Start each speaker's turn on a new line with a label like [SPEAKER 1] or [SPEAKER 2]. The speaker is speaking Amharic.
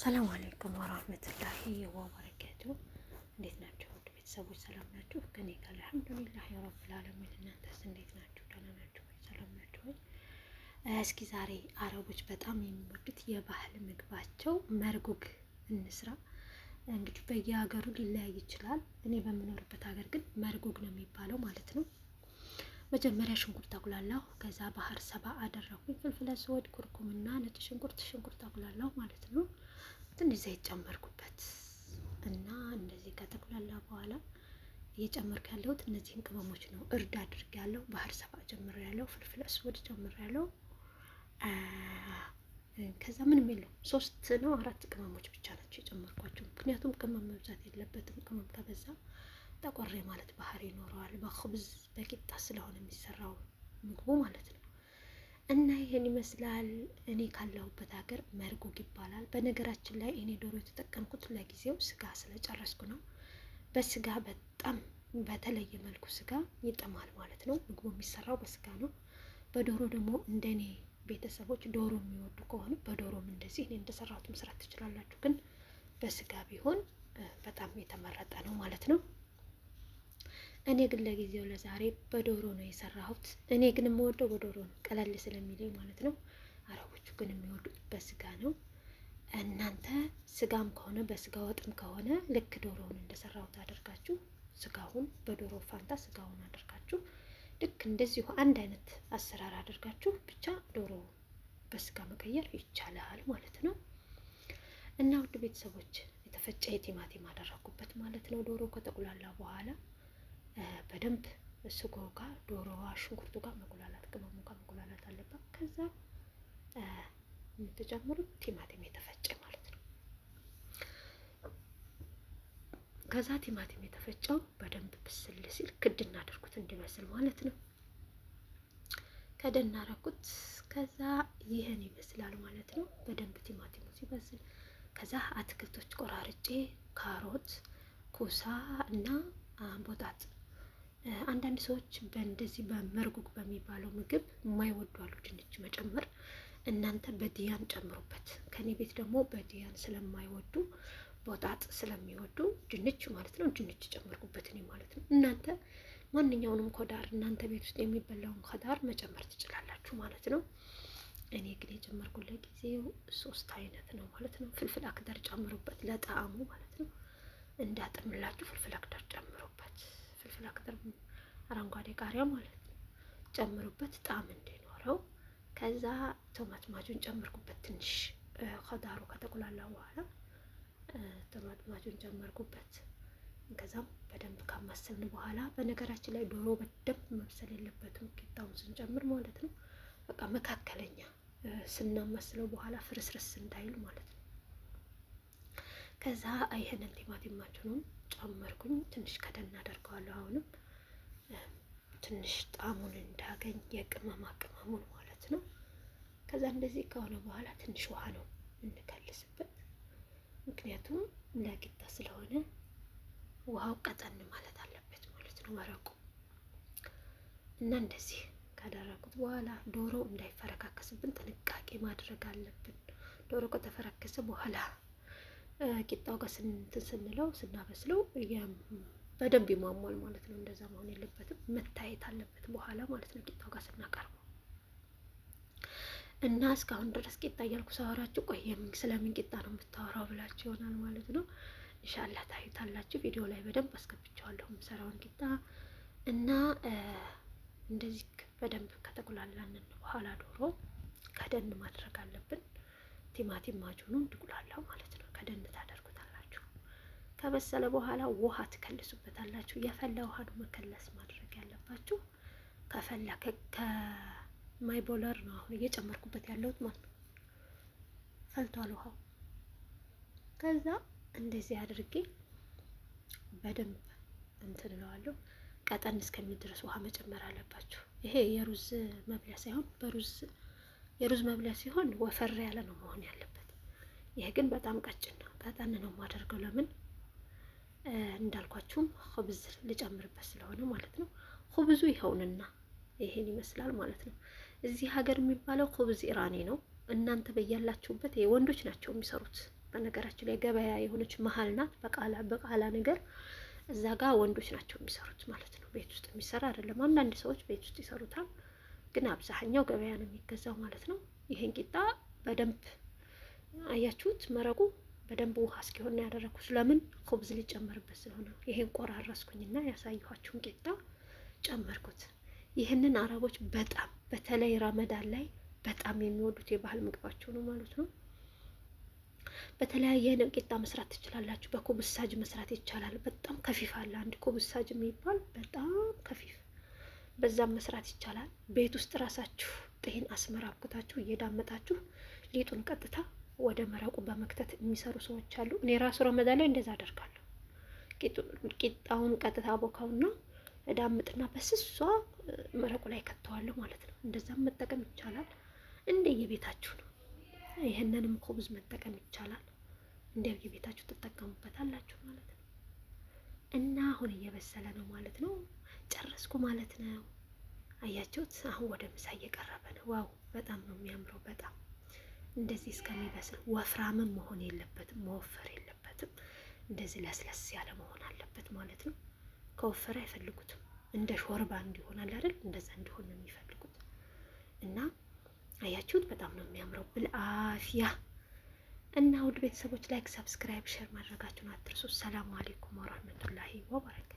[SPEAKER 1] ሰላም አለይኩም ወራህመቱላሂ ወበረካቱ። እንዴት ናቸው ውድ ቤተሰቦች? ሰላም ናችሁ? ከኔ ጋር አልሐምዱሊላህ ረብል ዓለሚን። እናንተስ እንዴት ናችሁ? ደህና ናችሁ ወይ? ሰላም ናችሁ ወይ? እስኪ ዛሬ አረቦች በጣም የሚወዱት የባህል ምግባቸው መርጉግ እንስራ። እንግዲህ በየሀገሩ ሊለያይ ይችላል። እኔ በምኖርበት ሀገር ግን መርጉግ ነው የሚባለው ማለት ነው። መጀመሪያ ሽንኩርት አጉላላሁ፣ ከዛ ባህር ሰባ አደረኩኝ። ፍልፍለ ስወድ፣ ኩርኩምና ነጭ ሽንኩርት ሽንኩርት አጉላላሁ ማለት ነው። ትንሽ ዘይት ጨመርኩበት እና እንደዚህ ከተቁላላ በኋላ እየጨመርኩ ያለሁት እነዚህን ቅመሞች ነው። እርድ አድርግ ያለው ባህር ሰባ ጨምር ያለው ፍልፍለ ስወድ ጨምር ያለው ከዛ ምንም የለውም። ሶስት ነው አራት ቅመሞች ብቻ ናቸው የጨመርኳቸው። ምክንያቱም ቅመም መብዛት የለበትም። ቅመም ከበዛ ጠቆሬ ማለት ባህሪ ይኖረዋል። በብዝ በቂጣ ስለሆነ የሚሰራው ምግቡ ማለት ነው። እና ይህን ይመስላል። እኔ ካለሁበት ሀገር መርጉግ ይባላል። በነገራችን ላይ እኔ ዶሮ የተጠቀምኩት ለጊዜው ስጋ ስለጨረስኩ ነው። በስጋ በጣም በተለየ መልኩ ስጋ ይጥማል ማለት ነው። ምግቡ የሚሰራው በስጋ ነው። በዶሮ ደግሞ እንደኔ ቤተሰቦች ዶሮ የሚወዱ ከሆኑ በዶሮም እንደዚህ እኔ እንደሰራሁት መስራት ትችላላችሁ። ግን በስጋ ቢሆን በጣም የተመረጠ ነው ማለት ነው። እኔ ግን ለጊዜው ለዛሬ በዶሮ ነው የሰራሁት። እኔ ግን የምወደው በዶሮ ነው ቀለል ስለሚለኝ ማለት ነው። አረቦቹ ግን የሚወዱት በስጋ ነው። እናንተ ስጋም ከሆነ በስጋ ወጥም ከሆነ ልክ ዶሮውን እንደሰራሁት አድርጋችሁ ስጋውን በዶሮ ፋንታ ስጋውን አድርጋችሁ ልክ እንደዚሁ አንድ አይነት አሰራር አድርጋችሁ ብቻ ዶሮ በስጋ መቀየር ይቻላል ማለት ነው። እና ውድ ቤተሰቦች የተፈጨ የቲማቲም አደረጉበት ማለት ነው። ዶሮ ከተቁላላ በኋላ በደንብ ስጎ ጋር ዶሮዋ፣ ሽንኩርቱ ጋር መጉላላት፣ ቅመሙ ጋር መጉላላት አለበት። ከዛ የምትጨምሩት ቲማቲም የተፈጨ ማለት ነው። ከዛ ቲማቲም የተፈጨው በደንብ ብስል ሲል ክድ እናደርጉት እንዲበስል ማለት ነው። ከደ እናረኩት። ከዛ ይህን ይመስላል ማለት ነው። በደንብ ቲማቲሙ ሲበስል ከዛ አትክልቶች ቆራርጬ ካሮት፣ ኩሳ እና ቦጣጥ አንዳንድ ሰዎች በእንደዚህ በመርጉግ በሚባለው ምግብ የማይወዱ አሉ ድንች መጨመር። እናንተ በድያን ጨምሩበት። ከኔ ቤት ደግሞ በድያን ስለማይወዱ በወጣጥ ስለሚወዱ ድንች ማለት ነው ድንች ጨመርኩበት እኔ ማለት ነው። እናንተ ማንኛውንም ኮዳር እናንተ ቤት ውስጥ የሚበላውን ኮዳር መጨመር ትችላላችሁ ማለት ነው። እኔ ግን የጨመርኩ ለጊዜው ሶስት አይነት ነው ማለት ነው። ፍልፍል አክዳር ጨምሩበት ለጣዕሙ ማለት ነው። እንዳጥምላችሁ ፍልፍል አክዳር ጨምሩበት። የፈላ ቅጥር አረንጓዴ ቃሪያ ማለት ነው ጨምሩበት፣ ጣዕም እንዲኖረው። ከዛ ቶማት ማጁን ጨምርኩበት ትንሽ ከዳሩ ከተቁላላ በኋላ ቶማት ማጁን ጨመርኩበት። ከዛም በደንብ ካማሰልን በኋላ በነገራችን ላይ ዶሮ በደንብ መብሰል የለበትም ቂጣውን ስንጨምር ማለት ነው። በቃ መካከለኛ ስናማስለው በኋላ ፍርስርስ እንዳይል ማለት ነው። ከዛ ይህንን ቲማቲማችንን ጨመርኩኝ። ትንሽ ከደን አደርገዋለሁ። አሁንም ትንሽ ጣዕሙን እንዳገኝ የቅመማ ቅመሙን ማለት ነው። ከዛ እንደዚህ ከሆነ በኋላ ትንሽ ውሃ ነው እንከልስበት። ምክንያቱም ለቂጣ ስለሆነ ውሃው ቀጠን ማለት አለበት ማለት ነው መረቁ እና እንደዚህ ካደረጉት በኋላ ዶሮ እንዳይፈረካከስብን ጥንቃቄ ማድረግ አለብን። ዶሮ ከተፈረከሰ በኋላ ቂጣው ጋር ስንለው ስናበስለው በደንብ ይሟሟል ማለት ነው። እንደዛ መሆን የለበትም መታየት አለበት በኋላ ማለት ነው፣ ቂጣው ጋር ስናቀርበው እና እስካሁን ድረስ ቂጣ እያልኩ ሳወራችሁ ቆይ ስለምን ቂጣ ነው የምታወራው ብላችሁ ይሆናል ማለት ነው። እንሻላ ታዩታላችሁ። ቪዲዮ ላይ በደንብ አስገብቸዋለሁ የምሰራውን ቂጣ እና እንደዚህ በደንብ ከተጉላላንን በኋላ ዶሮ ከደን ማድረግ አለብን። ቲማቲም ማጆኑ ድጉላላው ማለት ነው። በደንብ ታደርጉታላችሁ። ከበሰለ በኋላ ውሃ ትከልሱበታላችሁ። የፈላ ውሃ ነው መከለስ ማድረግ ያለባችሁ። ከፈላ ከማይ ቦለር ነው አሁን እየጨመርኩበት ያለሁት ማለት ነው። ፈልቷል ውሃው። ከዛ እንደዚህ አድርጌ በደንብ እንትን እለዋለሁ። ቀጠን እስከሚል ድረስ ውሃ መጨመር አለባችሁ። ይሄ የሩዝ መብለያ ሳይሆን በሩዝ የሩዝ መብለያ ሲሆን ወፈር ያለ ነው መሆን ያለበት። ይሄ ግን በጣም ቀጭን ነው። ቀጠን ነው የማደርገው ለምን እንዳልኳችሁም ኹብዝ ልጨምርበት ስለሆነ ማለት ነው። ኹብዙ ይኸውንና ይሄን ይመስላል ማለት ነው። እዚህ ሀገር የሚባለው ኹብዝ ኢራኒ ነው። እናንተ በያላችሁበት ወንዶች ናቸው የሚሰሩት። በነገራችን ላይ ገበያ የሆነች መሀል ናት፣ በቃላ በቃላ ነገር እዛ ጋር ወንዶች ናቸው የሚሰሩት ማለት ነው። ቤት ውስጥ የሚሰራ አይደለም። አንዳንድ ሰዎች ቤት ውስጥ ይሰሩታል፣ ግን አብዛኛው ገበያ ነው የሚገዛው ማለት ነው። ይሄን ቂጣ በደንብ አያችሁት? መረቁ በደንብ ውሃ እስኪሆን ነው ያደረግኩት። ለምን ኩብዝ ሊጨመርበት ስለሆነ ይሄን ቆራረስኩኝና ያሳየኋችሁን ቂጣ ጨመርኩት። ይህንን አረቦች በጣም በተለይ ረመዳን ላይ በጣም የሚወዱት የባህል ምግባቸው ነው ማለት ነው። በተለያየ አይነት ቂጣ መስራት ትችላላችሁ። በኮብሳጅ መስራት ይቻላል። በጣም ከፊፍ አለ። አንድ ኮብሳጅ የሚባል በጣም ከፊፍ፣ በዛም መስራት ይቻላል። ቤት ውስጥ ራሳችሁ ጤን አስመራኩታችሁ እየዳመጣችሁ ሊጡን ቀጥታ ወደ መረቁ በመክተት የሚሰሩ ሰዎች አሉ። እኔ ራሱ ረመዳን ላይ እንደዛ አደርጋለሁ። ቂጣውን ቀጥታ ቦካውና እዳምጥና በስሷ መረቁ ላይ ከተዋለሁ ማለት ነው። እንደዛም መጠቀም ይቻላል። የቤታችሁ ነው። ይህንንም ኮብዝ መጠቀም ይቻላል። እንደየቤታችሁ ትጠቀሙበታላችሁ ማለት ነው። እና አሁን እየበሰለ ነው ማለት ነው። ጨረስኩ ማለት ነው። አያችሁት? አሁን ወደ ምሳ እየቀረበ ነው። ዋው! በጣም ነው የሚያምረው በጣም እንደዚህ እስከሚበስል ወፍራምም መሆን የለበትም፣ መወፈር የለበትም። እንደዚህ ለስለስ ያለ መሆን አለበት ማለት ነው። ከወፈረ አይፈልጉትም። እንደ ሾርባ እንዲሆን አለ አይደል? እንደዛ እንዲሆን ነው የሚፈልጉት። እና አያችሁት፣ በጣም ነው የሚያምረው። ብልአፊያ እና ውድ ቤተሰቦች ላይክ፣ ሰብስክራይብ፣ ሼር ማድረጋችሁን አትርሱ። ሰላሙ አሌይኩም ወረህመቱላሂ ወበረካቱ